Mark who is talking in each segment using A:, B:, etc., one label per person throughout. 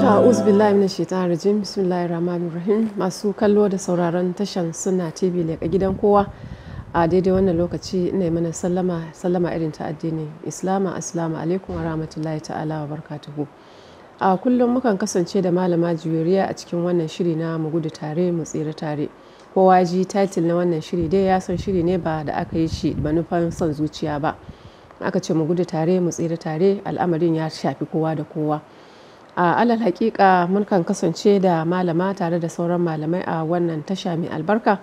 A: ta uzbillahi min shaitan rajim bismillahir rahmanir rahim masu kallo da sauraron tashan suna tv ne gidan kowa a daidai wannan lokaci ina mana sallama sallama irin ta addini islama assalamu alaikum wa rahmatullahi ta'ala wa barakatuhu a kullum mukan kasance da malama juyariya a cikin wannan shiri na mu gudu tare mu tsira tare kowa ji title na wannan shiri dai ya san shiri ne ba da aka yi shi ba son zuciya ba aka ce mu gudu tare mu tsira tare al'amarin ya shafi kowa da kowa a alal hakika mun kan kasance da malama tare da sauran malamai a wannan tasha mai albarka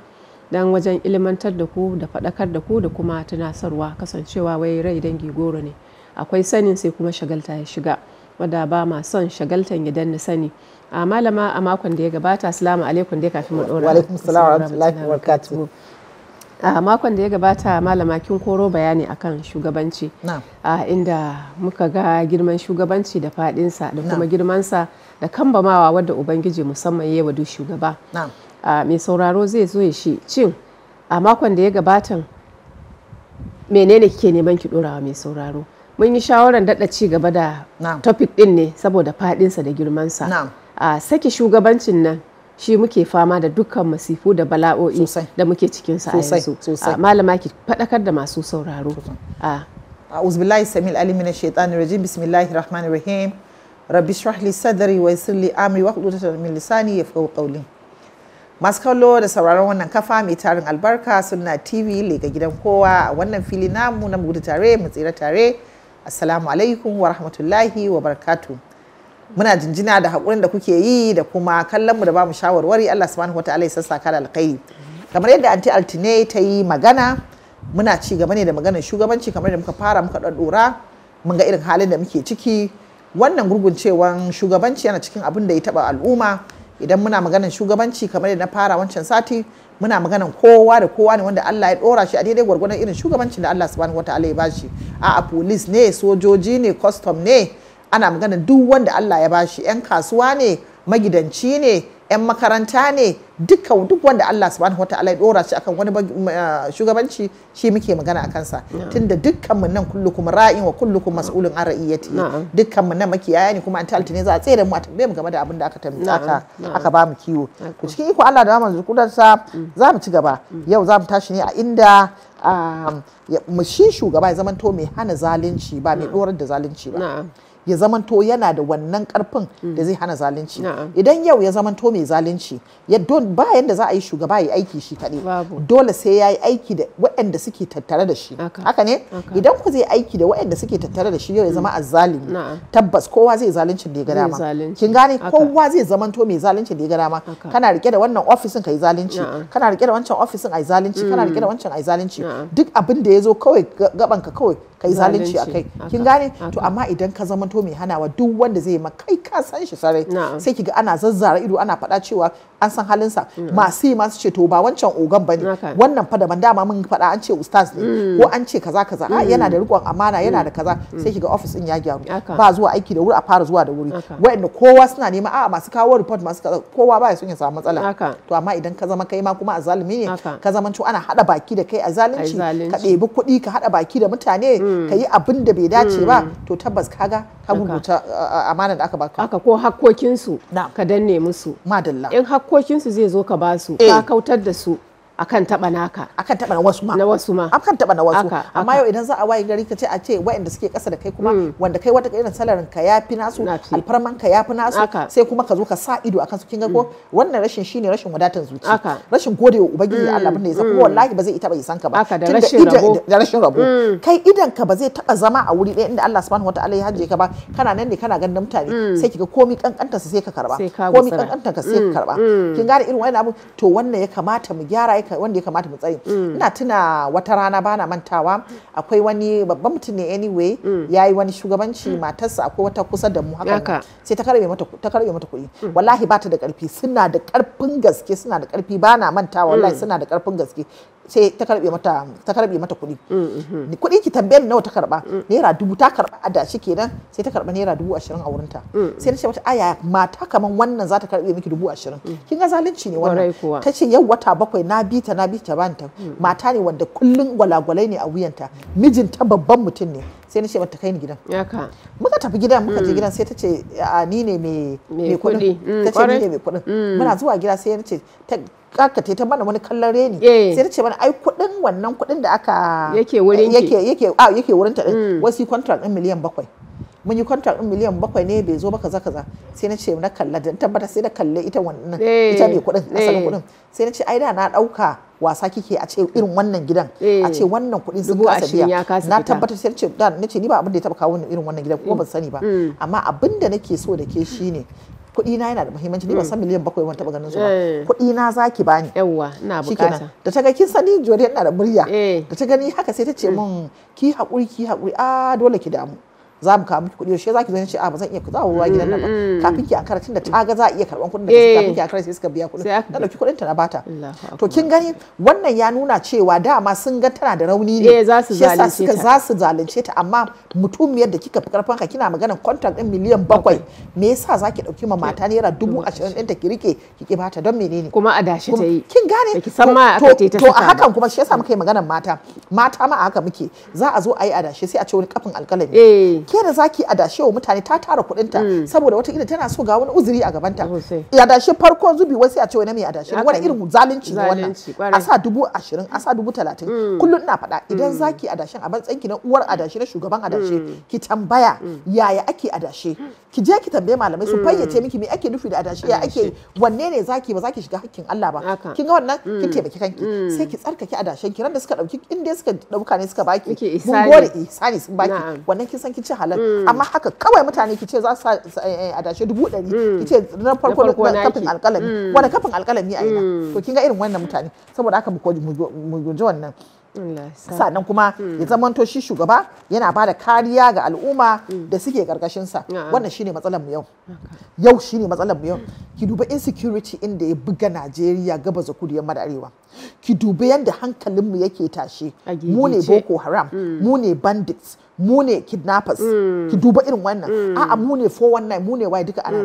A: don wajen ilimantar da ku da faɗakar da ku da kuma tunasarwa kasancewa wai rai dangi goro ne akwai sanin sai kuma shagalta ya shiga wadda ba ma son shagaltan ya danna sani a malama a makon da ya gabata assalamu alaikum dai kafin mu ɗora wa alaikum a makon da ya gabata malama kin koro bayani akan shugabanci a inda muka ga girman shugabanci da fadinsa da kuma girmansa da kambamawa wadda ubangiji musamman ya wadu shugaba mai sauraro zai zo ya shi cin a makon da ya gabata menene kike neman ki dorawa mai sauraro mun yi shawarar daɗa ci gaba da topic ɗin ne saboda fadinsa da girmansa a sake shugabancin nan shi muke fama da dukkan masifu da bala'o'i
B: da muke cikin sa a ah, malama ki fadakar da masu sauraro a ah. a'udhu samil alim minash shaitanir rajim bismillahir rahmanir rahim rabbi shrah li sadri wa yassir li amri wa hlul min lisani yafqahu qawli masu kallo da sauraron wannan kafa mai tarin albarka suna tv lega gidan kowa a wannan fili namu na mu tare mu tsira tare assalamu alaikum wa rahmatullahi wa barakatuh muna jinjina da haƙurin da kuke yi da kuma kallon mu da bamu shawarwari Allah subhanahu wataala ya ka da alkhairi kamar yadda anti altine ta yi magana muna ci gaba ne da maganar shugabanci kamar da muka fara muka ɗaɗɗora mun ga irin halin da muke ciki wannan gurguncewan shugabanci yana cikin abin da ya taɓa al'umma idan muna maganar shugabanci kamar da na fara wancan sati muna maganar kowa da kowa ne wanda Allah ya ɗora shi a daidai gwargwadon irin shugabancin da Allah subhanahu wataala ya bashi a'a police ne sojoji ne custom ne ana magana duk wanda Allah ya bashi yan kasuwa ne magidanci ne yan makaranta ne duka duk wanda Allah subhanahu wataala ya dora shi akan wani shugabanci shi muke magana akan sa tunda dukkan mun nan kuma ra'in wa kullukum mas'ulun an ra'iyati dukkan mun nan makiyaya ne kuma an talta ne za a tsere mu a tambaye mu game da abin da aka tambaye aka aka ba mu kiwo to cikin iko Allah da manzo sa mm. za mu ci gaba mm. yau za mu tashi ne a inda mu shi shugaba ya zamanto mai hana zalunci ba mai dorar da zalunci ba ya zamanto yana da wannan karfin da zai hana zalunci idan yau ya zamanto mai zalunci ya don ba yanda za a yi shugaba ya aiki shi kaɗai dole sai ya yi aiki da waɗanda suke tattare da shi haka ne idan ku zai aiki da waɗanda suke tattare da shi yau ya zama mm. azzalimi tabbas kowa zai zaluncin da ya ga dama kin gane kowa zai zamanto mai zaluncin da ya ga dama kana rike da wannan ofisin ka yi zalunci kana rike da wancan ofisin ai zalunci kana rike da mm. wancan ai zalunci duk abin da ya zo kawai gaban ka kawai ka yi zalunci akai kin gane to amma idan ka zamanto fito mai hanawa duk wanda zai ma kai ka san shi sarai sai kiga ana zazzara ido ana fada cewa an san halin sa masu yi masu ce to ba wancan ogan bane wannan fa daban dama mun fada an ce ustaz ne mm. ko an ce kaza kaza a yana da mm. rikon amana yana da mm. kaza sai kiga office din ya gyaru ba zuwa aiki da wuri a fara zuwa da wuri wa'anda kowa suna nema a masu kawo report masu kaza kowa ba ya son ya samu matsala to amma idan ka zama kai ma kuma a zalumi ne ka zama ana hada baki da kai a zalunci ka ɗebi kuɗi ka hada baki da mutane ka yi abin da bai dace ba to tabbas kaga rubuta amana da aka baka aka ko hakkokinsu ka danne musu madalla in hakkokinsu zai zo ka basu. Eh. ka kautar da su akan taba naka akan taba na wasu ma na wasu ma akan taba na wasu amma yau idan za a waye gari ka ce a ce waɗanda suke ƙasa da kai kuma mm. wanda kai wata irin salarin ka yafi nasu alfarman ka yafi nasu sai kuma ka zo ka sa ido akan su kin ga ko mm. wannan rashin shine rashin wadatar zuci rashin gode wa ubangiji mm, Allah bin da yasa kuma wallahi ba zai ita bai san ka ba da rashin rabo kai idan ka ba zai taba zama a wuri ɗaya inda Allah subhanahu wataala ya haje ka ba kana nan ne kana ganin mutane sai kiga komi kankanta sai ka karba komi kankanta ka sai ka karba kin gane irin wannan abu to wannan ya kamata mu gyara wanda ya kamata mu tsare mm. ina tuna wata rana bana mantawa akwai wani babban mutum ne anyway mm. yayi wani shugabanci mm. matarsa akwai wata kusa da mu haka sai ta karbe mata ta karbe mata kuɗi wallahi ba ta da karfi suna da karfin gaske suna da karfi bana mantawa wallahi suna da karfin gaske sai ta karbe mata ta karbe mata kuɗi mhm. kuɗi ki tambayar nawa ta karba naira dubu ta karba a dashi kenan sai ta karba naira dubu ashirin a wurinta sai na ce mata aya mata kaman wannan za ta karbe miki dubu ashirin kin ga zalunci ne wannan ta ce yau wata bakwai na bi bita na bita ban ta hmm. mata ne wanda kullun gwalagwalai ne a wuyanta mijinta babban mutum ne sai na ce mata kai ni gidan muka tafi gidan muka je hmm. gidan sai ta ce a ni ne mai kuɗin hmm, ta ce ni ne mai kuɗin muna zuwa gida sai na ce ta kakate ta mana wani kallon reni eh. sai ta ce mana ai kuɗin wannan kuɗin da aka yake wurin yake yake a yake wurin ta din wasu contract din miliyan bakwai mun yi kwantar din miliyan bakwai ne bai zo ba kaza kaza sai na ce na kalla da tabbata sai da kalle ita wannan eh, ita ne kuɗin eh. asalin kuɗin sai na ce ai da na ɗauka wasa kike a ce irin wannan gidan eh. a ce wannan kuɗin sun kasa biya na tabbata sai ce da na ce ni ba abin da ya taba kawo ni irin wannan gidan kuma ban sani ba mm. Mm. amma abin da nake so da ke shine kuɗi na yana da muhimmanci ni ba mm. san miliyan bakwai wani taɓa ganin su ba kuɗi na zaki bani yawwa ina bukata da ta ga kin sani jori yana da murya da ta gani haka sai ta ce mun ki hakuri ki hakuri a ah, dole ki damu za mu kawo miki kuɗi yaushe za ki zo ce a ah, ba zan iya ku za mu ruwa gidan nan ba mm, mm. kafin ki ankara tunda ta ga za a iya karɓan kuɗin da kafin ki ankara sai suka biya kuɗin ta ɗauki kuɗin ta na bata to kin gani wannan ya nuna cewa dama sun ga tana da rauni ne eh, shi yasa suka za su zalunce ta amma mutumiyar da kika fi karfin ka kina magana kwantar ɗin miliyan bakwai me yasa za ki ɗauki ma mata eh, naira dubu ashirin ta ki rike ki ki bata don menene kuma a dashi ta yi kin gane to a hakan kuma shi yasa muka yi maganar mata mata ma a haka muke za a zo a yi dashi sai a ce wani kafin alƙalami eh. ke da zaki dashe wa mutane ta tara kuɗinta hmm. saboda wata tana so ga wani uzuri a gabanta oh, dashe farko zubi wasu a ce wani mai dashe wani irin zalunci ne wannan a sa dubu ashirin a sa dubu talatin hmm. kullum ina faɗa idan hmm. zaki dashen a ban ki na uwar dashe na shugaban dashe ki tambaya yaya ake adashe ki je ki tambaye malamai su fayyace miki me ake nufi da adashe ya ake wanne ne zaki ba zaki shiga hakkin Allah ba kin ga wannan kin taimaki kanki sai ki tsarkake dashen ki Randa suka dauki inda suka dauka ne suka baki mun gode ihsani sun baki wannan kin san kin ci halal mm. amma haka kawai mutane ki ce za su eh, eh, adashe dubu ɗari mm. ki ce na farko kafin alƙalami mm. wani kafin alƙalami a ina to kin ga irin wannan mutane saboda haka mu guji wannan sannan kuma ya zamanto shi shugaba yana bada kariya ga al'umma da suke ƙarƙashinsa wannan shine matsalar mu yau yau shine matsalar yau ki duba insecurity inda ya buga Najeriya gaba za kudu yamma da arewa ki duba yadda hankalinmu yake tashe mu ne boko haram mm. mu ne bandits mu ne kidnappers mm. ki duba irin wannan mm. a'a mu ne 419 mu ne waye duka ana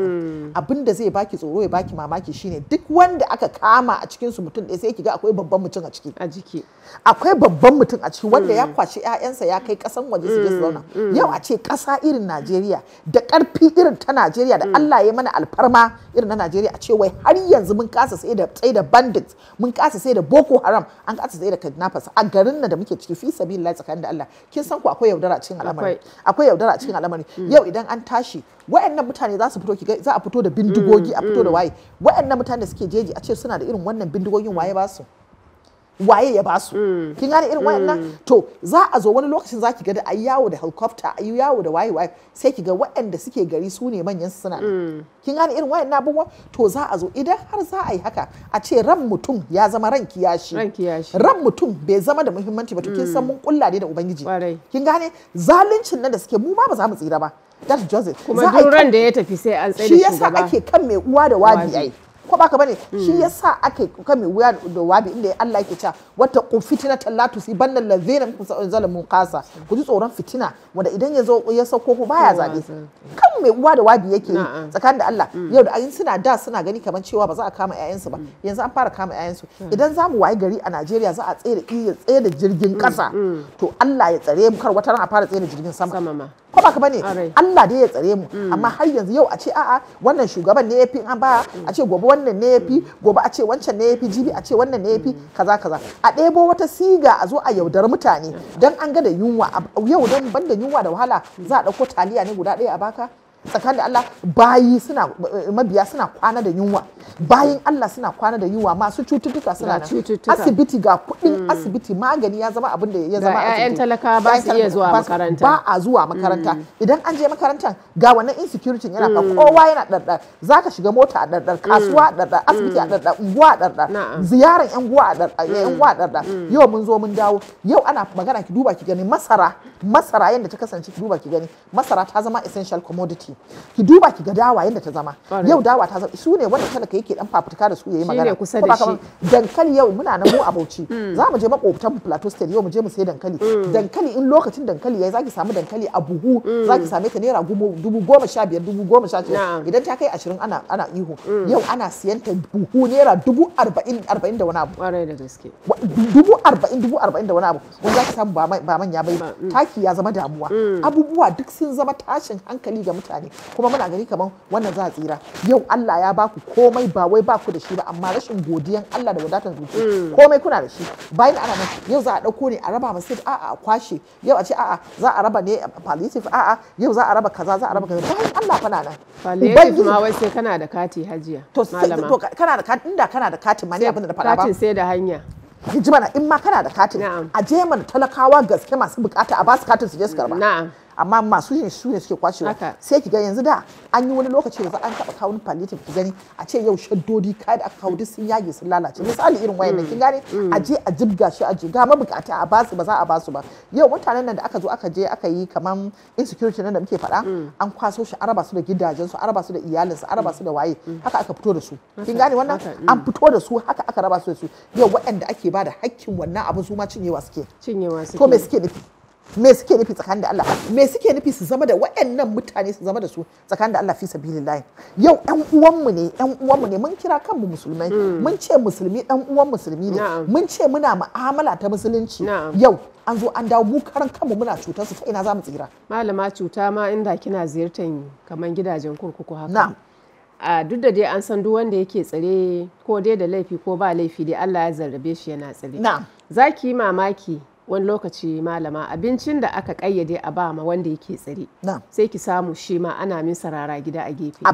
B: abin da zai baki tsoro ya baki mamaki shine duk wanda aka kama a cikin su mutum ɗaya sai ki ga akwai babban mutum a ciki akwai babban mutum a ciki wanda ya kwashi ƴaƴansa ya kai ƙasan waje su je yau a ce ƙasa irin Najeriya da ƙarfi irin ta Najeriya Najeriya da mm. Allah ya mana alfarma irin na Najeriya a ce wai har yanzu mun kasa sai da tsaye da bandit mun kasa sai da Boko Haram an kasa sai da kidnappers a garin nan da muke ciki fi sabilillahi tsakanin da Allah kin san ku akwai yaudara cikin al'amari akwai yaudara cikin al'amari mm. yau idan an tashi wayannan mutane za su fito ki za a fito da bindigogi a mm. fito da waye wayannan mutane da suke jeji a ce suna da irin wannan bindigogin waye ba su waye ya ba su mm. kin gane irin wayannan mm. to za a zo wani lokacin za ki ga da ayi yawo da helicopter yi yawo da waye waye sai ki ga waɗanda suke gari su ne manyan suna mm. kin gane irin wayannan abubuwan to za a zo idan har za a yi haka a ce ran mutum ya zama ran kiyashi ran mutum bai zama da muhimmanci ba to kin san mun kulla ne da ubangiji kin gane zaluncin nan da suke mu ma ba za mu tsira ba that's just it kuma duk ran da ya tafi sai an tsaye da shugaba shi yasa ake kan mai uwa da wabi ai ko baka bane hmm. shi yasa ake mai wuya da wabi inda Allah yake cewa wata fitina tallatu fi banna allazina zalamu qasa ku ji tsoron fitina wanda idan ya zo ya sauko ko baya zabe kan mai uwa da wabi yake yi tsakanin da Allah hmm. yau da ayin suna da suna gani kamar cewa ba za a kama 'ya'yansu ba hmm. yanzu an fara kama 'ya'yansu idan zamu mu waye gari a Najeriya za a tsere iya tsere jirgin kasa to Allah ya tsare mu kar wata ran a fara tsere jirgin sama ko baka bane Allah dai ya tsare mu amma har yanzu yau a ce a'a wannan shugaban ne ya fi an ba a ce gobe wannan ne yafi gobe a ce wancan ne yafi jibi a ce wannan ne yafi kaza kaza a ɗebo wata siga a zo a yaudar mutane dan an ga da yunwa yau dan banda yunwa da wahala za a ɗauko taliya ne guda ɗaya a baka tsakanin da Allah bayi suna mabiya suna kwana da yunwa bayin Allah suna kwana da yunwa masu cututtuka suna cututtuka asibiti ga kudin mm. asibiti magani ya zama abin da ya zama asibiti talaka ba su iya zuwa makaranta ba a zuwa makaranta mm. idan an je makarantan ga wannan insecurity yana ka mm. kowa yana daddar zaka shiga mota a daddar kasuwa a daddar asibiti a daddar unguwa a daddar ziyaran yan guwa a daddar yan guwa a daddar yau mun zo mun dawo yau ana magana ki duba ki gani masara masara yanda ta kasance ki duba ki gani masara ta zama essential commodity ki ki duba ki ga dawa yadda ta zama yau dawa ta zama su ne wanda talaka yake dan fafutuka da su yayi magana kusa da shi dankali yau muna nan mu a Bauchi mm. za mu je makwabtan Plateau State yau mu je mu sai dankali mm. dankali in lokacin dankali yayi zaki samu dankali a buhu mm. zaki same ta naira dubu goma sha biyar dubu goma sha idan ta kai ashirin ana ana ihu yau ana siyan ta buhu naira dubu arba'in arba'in da wani abu dubu arba'in dubu arba'in da wani abu wanda zaki samu ba manya bai taki ya zama damuwa abubuwa duk sun zama tashin hankali ga mutane mutane kuma muna gani kaman wannan za a tsira yau Allah ya baku komai ba wai baku da shi ba amma rashin godiyan Allah da wadatar zuci mm. komai kuna da shi bayan ana nan yau za a dauko ne a raba masif a'a a kwashe yau a ce a'a za a raba ne palliative a'a yau za a raba kaza za a raba kaza bayan Allah fa na nan palliative ma wai sai kana da kati hajiya to kana da kati inda kana da kati ma ne abin da faɗa ba katin sai da hanya hijimana in ma kana da katin a je mana talakawa gaske masu bukata a basu katin su je su karba amma masu yin su ne suke kwashewa sai ki ga yanzu da an yi wani lokaci za an taba kawo palliative ki gani a ce yau shaddodi kai da aka kawo duk sun yage sun lalace mm. misali irin wayannan kin mm. gane mm. a je a jibga shi a jiga bukata a basu ba za a basu ba yau mutanen nan da aka zo aka je aka yi kaman insecurity nan da muke faɗa an kwaso shi araba su da gidajen su araba su da iyalin su araba su da waye haka aka fito da su kin gane wannan an fito da su haka aka raba su da su yau waɗanda ake ba da haƙƙin wannan abin su ma cinyewa suke cinyewa suke to me suke nufi me suke nufi tsakanin da Allah me suke nufi su zama da waɗannan mutane su zama da su tsakanin da Allah fi sabilillah yau ɗan uwanmu ne ɗan uwanmu ne mun kira kanmu musulmai hmm. mun ce musulmi ɗan uwan musulmi ne mun ce muna mu'amala ta musulunci yau an zo an dawo mu karan kanmu muna cutar su ta ina za mu tsira
A: malama cuta ma inda kina ziyartar kaman gidajen kurkuku haka na'am a duk da dai an san duk wanda yake tsare ko dai da laifi ko ba laifi dai Allah ya zarrabe shi yana tsare na'am zaki mamaki wani lokaci malama abincin da aka kayyade a ba ma wanda yake tsare sai ki samu shi ma ana min sarara gida a gefe a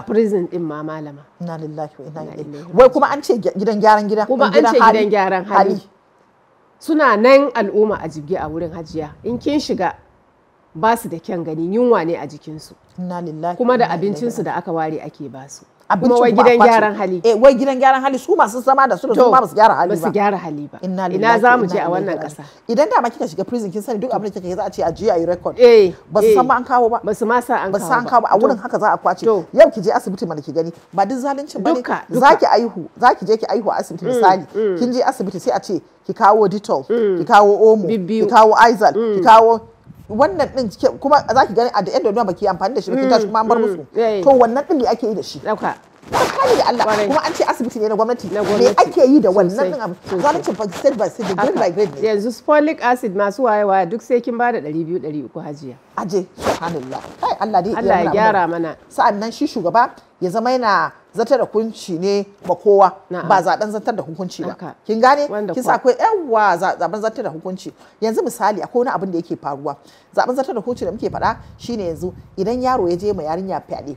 A: prison din a ma malama na lillahi wa inna ilaihi
B: wai kuma an ce gidan gyaran gida kuma an ce gidan gyaran hali
A: suna nan al'umma a jibge a wurin hajiya in kin shiga ba su da kyan gani yunwa ne a jikinsu kuma da abincinsu da aka ware ake basu abincin wai gidan gyaran hali
B: eh wai gidan gyaran hali su masu zama da su da su ma basu gyara hali ba basu gyara hali ba inna lillahi ina zamu je a wannan kasa idan da ma kika shiga prison kin sani duk abin da kika yi za a ce a je a yi record eh su san eh. ma an kawo ba ba su ma sa an kawo basu an kawo ba a wurin haka za a kwace yau ki je asibiti mana ki gani ba duk zaluncin bane zaki aihu zaki je ki aihu a asibiti mm, misali mm. kin je asibiti sai a ce ki kawo ditol mm. ki kawo omo ki kawo aizal ki kawo wannan din kuma za ki gani a da yadda baki amfani da shi baki tashi mm, kuma an bar mm, musu to wannan din me ake yi da shi kai da Allah kuma an ce asibiti ne na gwamnati me ake yi da wannan din abu
A: zalunci fa state by state grade by grade ne yanzu folic acid masu wayewa duk sai kin ba da 200
B: 300 hajiya aje subhanallah kai Allah dai Allah ya gyara mana sa'annan shi shugaba ya zama yana zata da hukunci ne ba kowa ba zaben zantar da hukunci ba kin gane kin sa akwai yawa zaben zantar da hukunci yanzu misali akwai wani abin da yake faruwa zaben zantar da hukunci da muke faɗa shine yanzu idan yaro ya je ma yarinya fyaɗe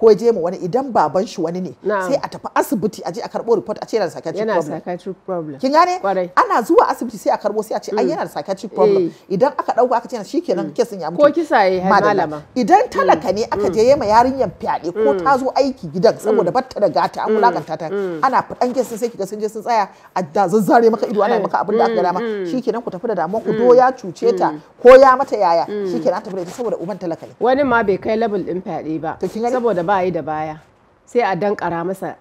B: ko ya je ma wani idan baban shi wani ne sai a tafi asibiti a je a karɓo report a ce yana da psychiatric problem kin gane ana zuwa asibiti sai a karɓo sai a ce ai mm. yana da psychiatric problem eh. idan aka ɗauka aka ce shikenan mm. kesin ya mutu kisaye malama idan talaka ne mm. aka mm. je yema yarinyar fyaɗe ko mm. ta zo aiki gidan saboda batta da gata an wulakanta ta ana faɗan gesa sai kiga sun je sun tsaya a da zazzare maka ido ana eh. maka abin da aka dama shikenan ku tafi da damuwa ku do cuce ta ko ya mata yaya shikenan tafi da ita saboda uban
A: talaka ne wani ma bai kai level din fyaɗe ba saboda ba yi da baya sai a dankara masa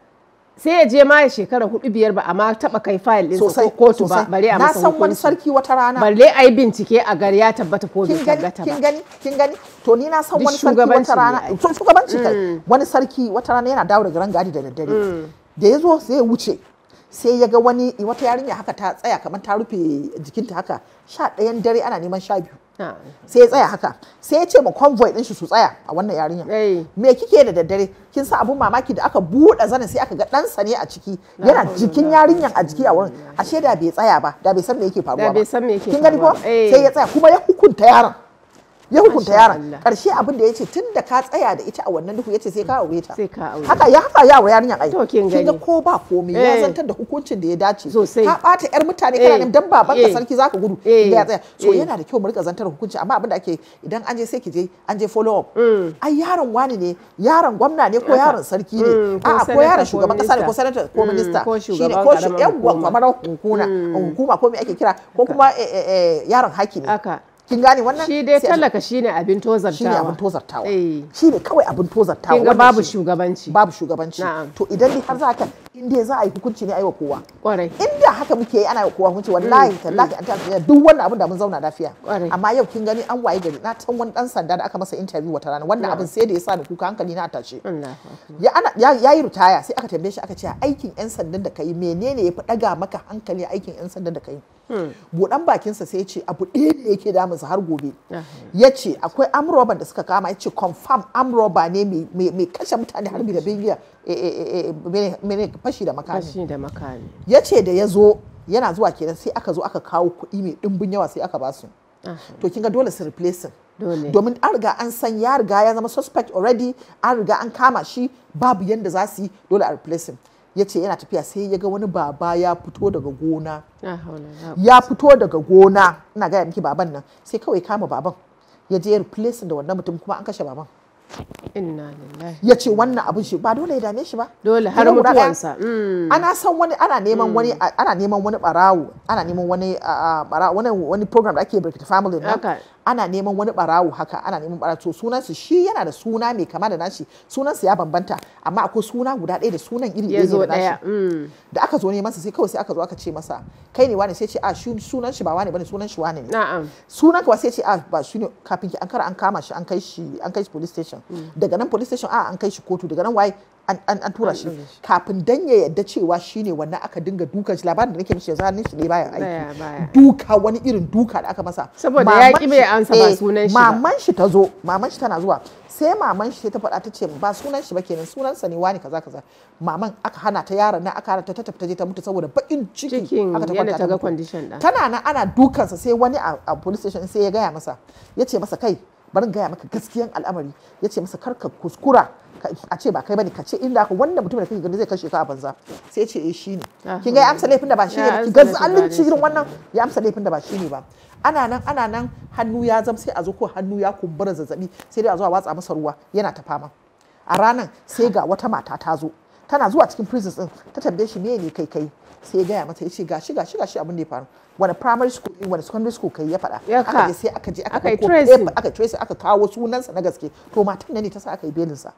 A: sai ya je ma ya shekara hudu biyar ba amma taba kai fayil din sosai kotu ba bare a masa hukunci na san wani sarki
B: wata rana balle
A: ai bincike a gari ya tabbata ko bai tabbata ba kin gani
B: kin gani to ni na san wani sarki wata rana to shugabanci mm. kai wani sarki wata rana yana dawo daga rangadi da daddare mm. da yazo sai ya wuce sai ya ga wani wata yarinya haka ta tsaya kamar ta rufe jikinta haka sha ɗayan dare ana neman sha biyu sai ya tsaya haka sai ya ce ma convoy din shi su tsaya a wannan yarinya me kike da daddare kin sa abun mamaki da aka buɗe zanin sai aka ga ɗansa ne a ciki yana jikin yarinyan a jiki a wurin ashe da bai tsaya ba da bai san me yake faruwa ba kin gani ko sai ya tsaya kuma ya hukunta yaron ya hukunta yara karshe abin da yace tun da ka tsaya da ita a wannan duhu yace mm. sai ka aure ta haka ya haka ya wa yarinya ai ga ko ba komai ya eh. zantar da hukuncin da ya dace ka bata yar mutane kana eh. nan dan baban ka eh. sarki zaka gudu ya tsaya so yana da kyau mu rika zantar hukunci amma abin da ake idan an je sai ki je an je follow up mm. ai yaron wani ne yaron gwamna ne ko yaron sarki ne mm. a'a ko yaron shugaban kasa ne ko senator ko minista ne ko shi yan gwamnati hukuma hukuma ko me ake kira ko kuma yaron hakimi kin gane wannan shi dai talaka shine abin tozartawa shine abin tozartawa eh. shine kawai abin tozartawa kinga babu shugabanci babu shugabanci to idan dai har za ka in dai za a yi hukunci ne aiwa kowa kwarai in haka muke yi ana kowa mun ce wallahi mm, tallahi mm. an duk wannan abin da mun zauna lafiya amma yau kin gani an waye gari na tan wani dan sanda da aka masa interview wata rana wannan abin sai da ya sa ni kuka hankali na tashi ya ana ya yi ritaya sai aka tambaye shi aka ce aikin yan sandan da kai menene ya fi daga maka hankali aikin yan sandan da kai hmm. budan sa sai ya ce abu ɗaya ne yake musu har gobe ya ce akwai amroban da suka kama ya ce confirm amroba ne mai kashe mutane harbi hmm. da bingiya Eh, eh, eh, mene fashi da makami da ya ce da ya zo yana zuwa kenan sai aka zo aka kawo kuɗi mai ɗimbin yawa sai aka basu ah. to ga dole su replace domin an riga an san ya riga ya zama suspect already an riga an kama shi babu yadda za su yi dole a replace ya ce yana tafiya sai ya ga wani baba ya fito daga gona ya fito daga gona ina gaya miki baban nan sai kawai kama baban ya je ya replace da wannan mutum kuma an kashe baban ya ce wannan abin shi ba dole ya dame shi ba dole har mutuwansa mm. ana san wani ana neman wani mm. ana neman wani barawo ana neman wani wani program da ake birkita family na ana neman wani barawo haka ana neman barawo to sunansu shi yana da suna mai kama da nashi sunansu ya bambanta amma akwai suna guda ɗaya da sunan iri ɗaya da nashi mm. da aka zo neman sa sai kawai sai aka zo aka ce masa kai ne wani sai ce a ah, sunan shi ba wani bane sunan shi wani ne sunan ka sai ce a ah, ba shi ne kafin ki an kara an kama shi an kai shi an kai shi police station mm. daga nan police station a ah, an kai shi kotu daga nan waye an tura shi kafin dan ya yadda cewa shine wannan aka dinga dukan shi labarin da nake mishi yanzu hannun shi ne bayan aiki duka wani irin duka da aka masa saboda ya ki bai ansa ba eh, sunan shi maman shi ta zo maman shi tana zuwa sai maman shi ta faɗa ta ce ba sunan shi ba kenan sunan sa ne wani kaza kaza maman aka hana ta yaron na aka hana ta tafi ta je ta mutu saboda bakin ciki aka ta kwanta ta ga condition da. tana nan ana dukansa sai wani a police station sai ya gaya masa ya ce masa kai barin gaya maka gaskiyan al'amari ya ce masa karka kuskura a ce ba kai bane ka ce inda aka wannan mutum da kake gani zai kashe ka a banza sai ce eh shine ah, kin ga ya amsa laifin da ba shi ne ki ga zalunci irin wannan ya amsa laifin da ba shi ne ba ana nan ana nan hannu ya zam sai a zo ko hannu ya kumbura zazzabi sai dai a zo a watsa masa ruwa yana ta fama a ranan sai ga wata mata ta zo tana zuwa cikin prison din ta tambaye shi me ne kai kai sai ya gaya mata ya ce gashi gashi gashi abin da ya faru wani primary school wani secondary school kai ya faɗa aka je sai aka je aka aka aka kawo sunansa na gaske to matan ne ta sa aka yi belinsa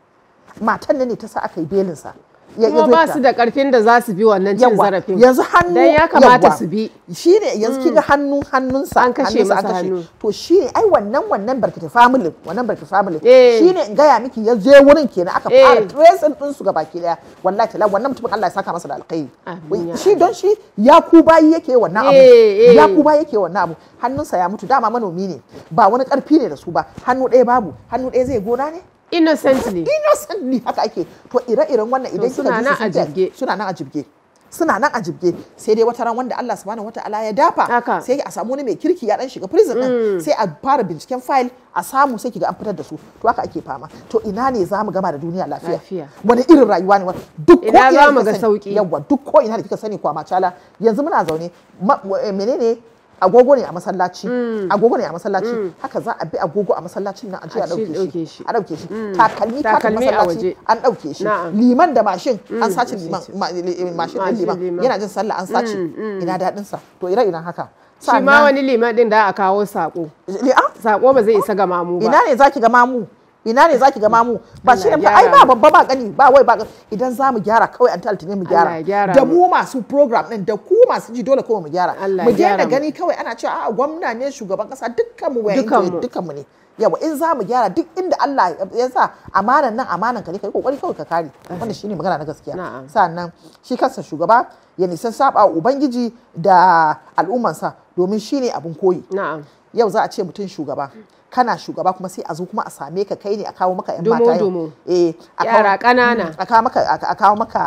B: matan nan ne ta sa aka yi belinsa kuma ba su da karfin da za su bi wannan cin zarafin yanzu hannu dan ya kamata su bi shi ne yanzu kiga mm. hannu hannunsa an kashe masa hannu to shi ne ai wannan wannan barkata family wannan barkata family eh. shi ne in gaya miki ya je wurin kenan aka fara eh. tracing din su gaba daya wallahi la wannan mutumin Allah ya saka masa da alkhairi shi don shi ya ku bayi yake wannan abu eh, ya ku bayi yake wannan abu hannunsa ya mutu dama manomi ne ba wani karfi ne da su ba hannu ɗaya babu hannu ɗaya zai gona ne innocently innocently haka ake to ire-iren wannan idan kika ji suna nan a jibge suna nan a jibge sai dai wata ran wanda Allah subhanahu wataala ya dafa sai a samu wani mai kirki ya dan shiga prison din mm. sai a fara binciken file a samu sai kiga an fitar da su to haka ake fama to ina ne za mu gama da duniya lafiya wani irin rayuwa ne duk ko ina za mu ga sauki yawa duk ko ina da kika sani kwa machala yanzu muna zaune eh, menene agogo ne a masallaci mm. agogo ne a masallaci mm. haka za a bi agogo a masallacin nan a je a dauke shi a dauke shi mm. takalmi ta masallaci an dauke shi liman da mashin an saci liman mashin da liman yana jin sallah an saci ina dadin sa to ira ina haka shi ma wani liman din da a kawo sako ah? sako ba zai isa ga mamu ba ina ne zaki ga mamu ina ne zaki ga mamu ba shi ba ai ba babba ba kani ba wai ba idan za mu gyara kawai an talti ne mu gyara da mu masu program din da ku masu ji dole kawai mu gyara mu daina gani kawai ana cewa a gwamna ne shugaban kasa dukkan mu dukkan mu ne yawa in za mu gyara duk inda Allah ya sa amanan nan amanan ka ne kai kokari kawai ka kare wanda shine magana na gaskiya sannan shi kansa shugaba ya nisan saba ubangiji da al'ummansa domin shine abun koyi yau za a ce mutum shugaba kana shugaba kuma sai a zo kuma a same ka kai ne a kawo maka yan mata eh yara kanana mm, a kawo maka a kawo maka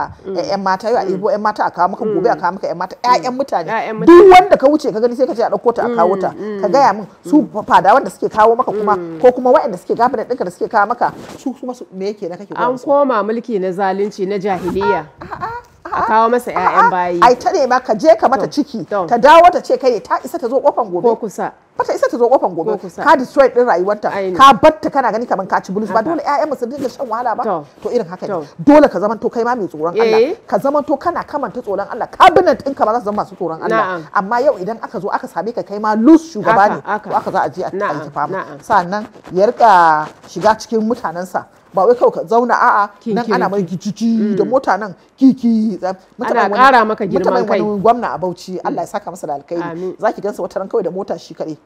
B: yan mm. mata yau a ibo yan mata a kawo maka gobe a mm. kawo maka yan mata Ya'yan mutane duk wanda ka wuce ka gani sai ka ce a ɗauko ta a kawo ta ka gaya min su fadawan da suke kawo maka kuma ko kuma waɗanda suke da ɗinka da suke kawo maka su kuma me yake na kake an
A: koma mulki na
B: zalunci na
A: jahiliya
B: ah, ah, ah, a kawo masa 'ya'yan bayi ai ta ne ma ka je ka mata ciki ta dawo ta ce kai ta isa ta zo kofan gobe ko kusa bata isa ta zo kofan gobe ka destroy din rayuwarta ka batta kana gani kaman ka ci bulus ba dole ƴaƴan mu su dinga shan wahala ba to irin haka ne dole ka zamanto kai ma mai tsoron Allah eh. ka zamanto kana kamanta tsoron Allah ka binan din ka ba za su zama masu tsoron Allah amma yau idan aka zo aka same ka kai ma loose shugaba ne to aka za a je a yi fama sannan ya rika shiga cikin mutanensa ba wai kawai ka zauna a'a nan ana mai gicici mm. da mota nan kiki ana kara maka girman kai gwamna a Bauchi Allah mm. ya saka masa da alkhairi zaki gansa wata ran kawai da mota shi kare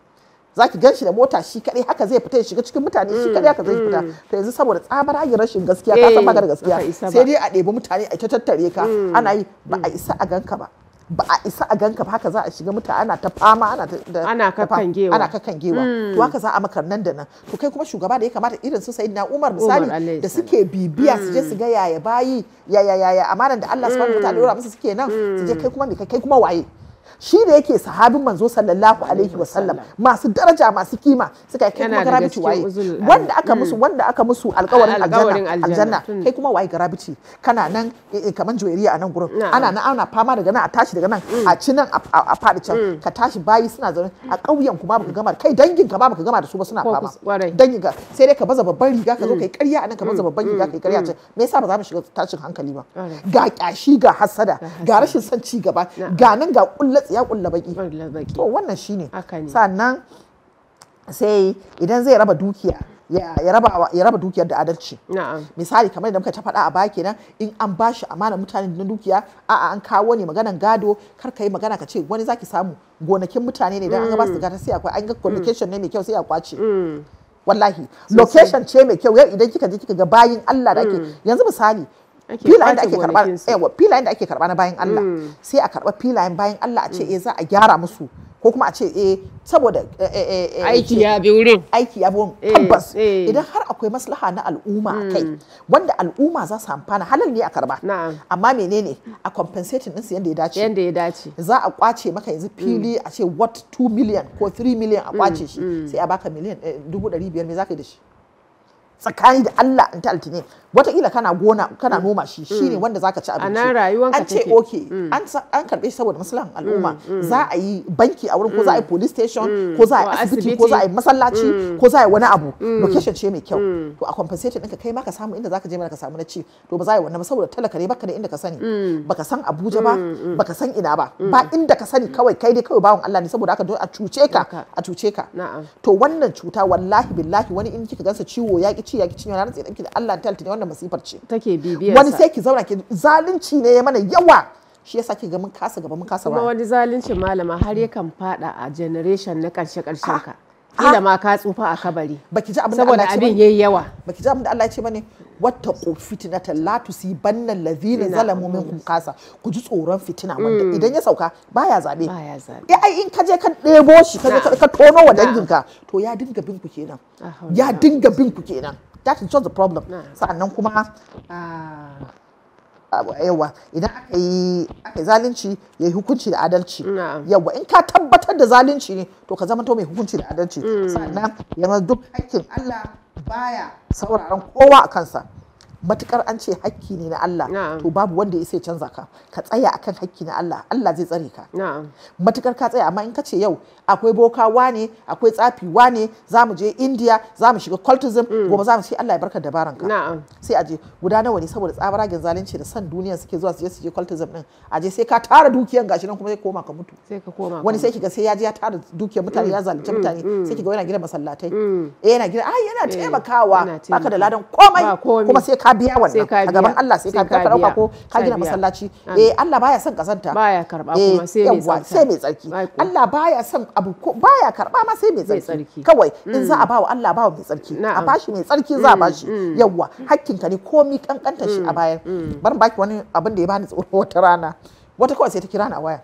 B: za ki gan shi da mota shi kaɗai haka zai fita ya shiga cikin mutane shi kaɗai haka zai fita mm. to yanzu saboda tsabar hanyar rashin gaskiya ka san eh, maganar gaskiya sai dai a ɗebi mutane a ta tattare ka mm. ana yi ba a mm. isa a ganka ba ba a isa a ganka ba haka za a shiga mutane ana ta fama ana ta ana kakangewa ana kakangewa to haka za a maka nan da nan to kai kuma shugaba da ya kamata irin su sayyidina Umar misali da suke bibiya su je su ga yaya bayi yaya yaya amanan da Allah subhanahu wa ta'ala ya musu suke nan su je kai kuma me kai kuma waye shi da yake sahabin manzo sallallahu alaihi wasallam masu daraja masu kima suka kai kuma garabici waye wanda aka mm. musu wanda aka musu alƙawarin aljanna kai kuma waye garabici kana nan eh, eh, kaman joyeriya a nan gurin ana nan ana fama daga nan a tashi daga nan mm. a ci nan a faɗi can mm. ka tashi bayi suna zaune a ƙauyen kuma baka gama kai dangin ka baka gama da su ba suna fama dangin ka sai dai ka baza babban riga ka zo kai ƙarya a nan ka baza babban riga kai ƙarya can me yasa ba za mu shiga tashin hankali ba ga ƙyashi ga hasada ga rashin son ci gaba ga nan ga kullu ya kulla baki to wannan shine sannan sai idan zai raba dukiya ya raba dukiyar da adalci misali kamar da muka ta faɗa a baki kenan in an ba shi amana mutane na dukiya a an kawo ne maganan gado kar ka yi magana ka ce wani zaki samu gonakin mutane ne dan an ba su gata sai akwai an ga communication ne mai kyau sai a kwace mm. wallahi location ce mai kyau yau idan kika je kika ga bayin Allah da ake mm. yanzu misali filayen da ake karba yawa filayen da ake karba na bayan Allah mm. sai a karba filayen bayan Allah a ce mm. eh za a gyara musu ko kuma a ce eh saboda eh, eh, eh, aiki ya bi wurin aiki ya bi wurin tabbas idan har akwai maslaha na al'umma kai mm. wanda al'umma za su amfana halal ne a karba amma menene a compensating din su yanda ya dace yanda ya dace za a kwace maka yanzu fili a ce what 2 million ko 3 million a kwace shi sai a baka miliyan dubu biyar me zaka yi da shi tsakani da Allah in ta altine watakila kana gona kana noma shi mm. ne wanda zaka ci abinci anan rayuwar an ce okay mm. an karbe shi saboda maslahan al'umma mm, za a yi banki a wurin ko za a yi police station ko za a yi asibiti ko za a yi masallaci ko za a yi wani abu location ce mai kyau to a compensate ɗinka kai ma ka samu inda zaka je mana ka samu na ci to ba za a yi wannan ba saboda talaka ne baka da inda ka sani baka san Abuja ba baka san ina ba ba inda ka sani kawai kai dai kawai bawon Allah ne saboda haka a cuce ka a cuce ka to wannan cuta wallahi billahi wani in kika gansa ciwo ya ki ci ya ki cinye wani tsaye da Allah ta ne wannan masifar ce take bibiyar wani sai ki zauna ki zalunci ne ya mana yawa shi yasa ki ga mun kasa gaba mun kasa kuma
A: wani zalunci malama har yakan fada a generation na karshe karshen ah, ka ah. kila
B: ma ka tsufa a kabari baki ji abin da Allah ya ce saboda abin yayi yawa baki ji abin da Allah ya ce ne. wata fitinata la bannan allazina zalamu minkum kasa ku ji tsoron fitina wanda mm. idan ya sauka baya zabe baya zabe ai in ka je ka ɗebo shi ka tono wa danginka to ya dinga bin ku kenan ah, ya dinga bin ku kenan that is just the problem sa'annan kuma ah, ah, yawa idan aka yi aka zalunci ya yi hukunci da adalci yawa in ka tabbatar da zalunci ne to ka zama to mai hukunci da adalci mm. sannan yana duk haƙƙin Allah baya sauraron kowa a kansa matukar an ce hakki ne na Allah to babu wanda ya sai canza ka ka tsaya akan hakki na Allah Allah zai tsare ka matukar ka tsaya amma in ka ce yau akwai boka wane akwai tsafi wane za mu je India za mu shiga cultism mm. gobe za mu ce Allah ya barka da ka sai aje guda nawa ne saboda tsabaragen zalunci da san duniya suke zuwa su je su je cultism din aje sai ka tara dukiyan gashi nan kuma sai koma ka mutu sai ka koma wani sai kiga sai ya je ya tara dukiyar mutane ya mm. zalunci mm. mutane sai kiga yana gina masallatai eh yana gina ai yana eh. taimakawa baka da ladan komai kuma sai ka biya wannan a gaban Allah sai ka ka dauka ko ka gina masallaci eh Allah baya son kazanta baya karba kuma eh, sai mai tsarki sai mai tsarki Allah baya son abu ko baya karba ma sai mai tsarki kawai in mm. za a bawa Allah bawa mai tsarki a bashi mai tsarki za a mm, bashi mm. yawwa hakkin ka ne komi kankanta shi a baya bar baki wani abin da ya bani tsoro wata rana wata kawai sai ta kira na waya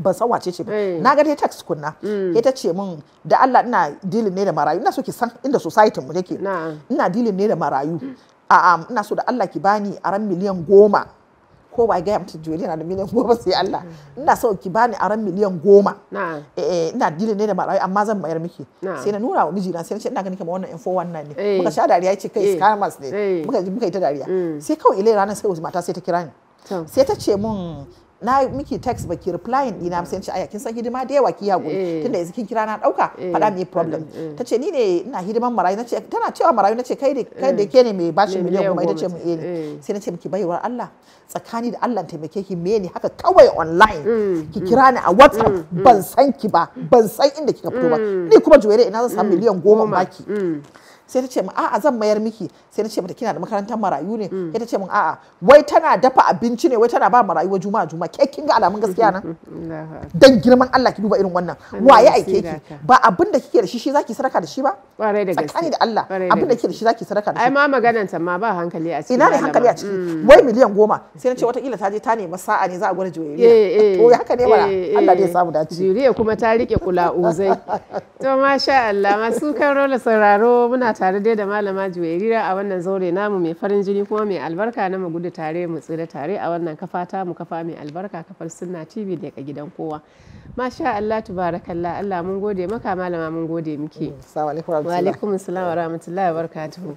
B: ban san wace ce ba na ga dai tax kunna ke ta ce min da Allah ina dealing ne da marayu ina so ki san inda society mu take ina dealing ne da marayu a'a ina so da Allah ki bani aran miliyan goma ko ba gaya mata juli na da miliyan goma sai Allah mm. ina so ki bani aran miliyan goma eh, eh ina dili ne da marayu amma zan mayar miki sai na nura wa mijina sai na ce ina ganin kamar wannan info wannan ne eh. muka sha dariya yace kai eh. scammers ne muka muka yi ta dariya mm. sai kawai ile ranar sai mata sai ta kira ni sai ta ce mun na miki text ba ki replying ɗina sai ce aya kin san hidima da yawa ki hakuri eh. tunda yanzu kin kira na dauka eh, fada me problem eh, ta ce ni ne ina hidiman marayu na ce tana cewa marayu na ce kai da kai da ke ne mai bashi miliyan kuma ita ce mu eh sai na ce miki baiwar Allah tsakani da Allah taimake ki me ne haka kawai online mm, ki mm. kira ni a WhatsApp mm, ban san ki ba ban san inda kika fito ba ni kuma juwaire ina zan samu miliyan goma baki sai ta ce min a'a zan mayar miki sai ta ce mata kina da makarantar marayu ne mm. sai ta ce min a'a wai tana dafa abinci ne wai tana ba marayu juma'a juma'a ke kin ga alamun gaskiya nan dan girman Allah ki duba irin wannan waye aike ki ba abin da kike da shi shi zaki saraka da shi ba
A: kwarai da gaske da Allah abin da kike da shi zaki saraka da shi ai ma maganar ta ma ba hankali a cikin ina ne hankali a ciki mm. wai miliyan goma
B: sai na ce wata kila ta je ta nema sa'a ne za a gwada joyayya eh, eh. to haka ne bara eh, Allah dai samu
A: dace juriya kuma ta rike kula uzai to masha Allah masu kan rola sauraro muna tare dai da malama juwairira a wannan zaure namu mai farin jini kuma mai albarka na mu gudu tare mu tsira tare a wannan kafa ta mu kafa mai albarka kafar sunna tv daga gidan kowa masha Allah tubarakallah Allah mun gode maka malama mun gode muke wa alaikum assalam wa rahmatullahi wa barakatuhu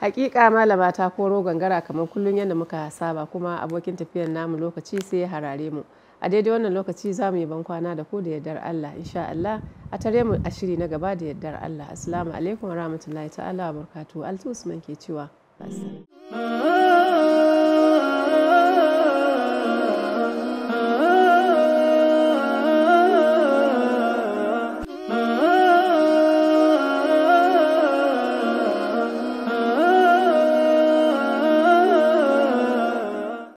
A: hakika malama ta koro gangara kamar kullum yadda muka saba kuma abokin tafiyar namu lokaci sai ya harare mu a daidai wannan lokaci za mu yi bankwana da ku da yardar Allah insha Allah a tare mu a shiri na gaba da yardar Allah assalamu alaikum wa rahmatullahi ta'ala wa barakatuhu altu usman ke cewa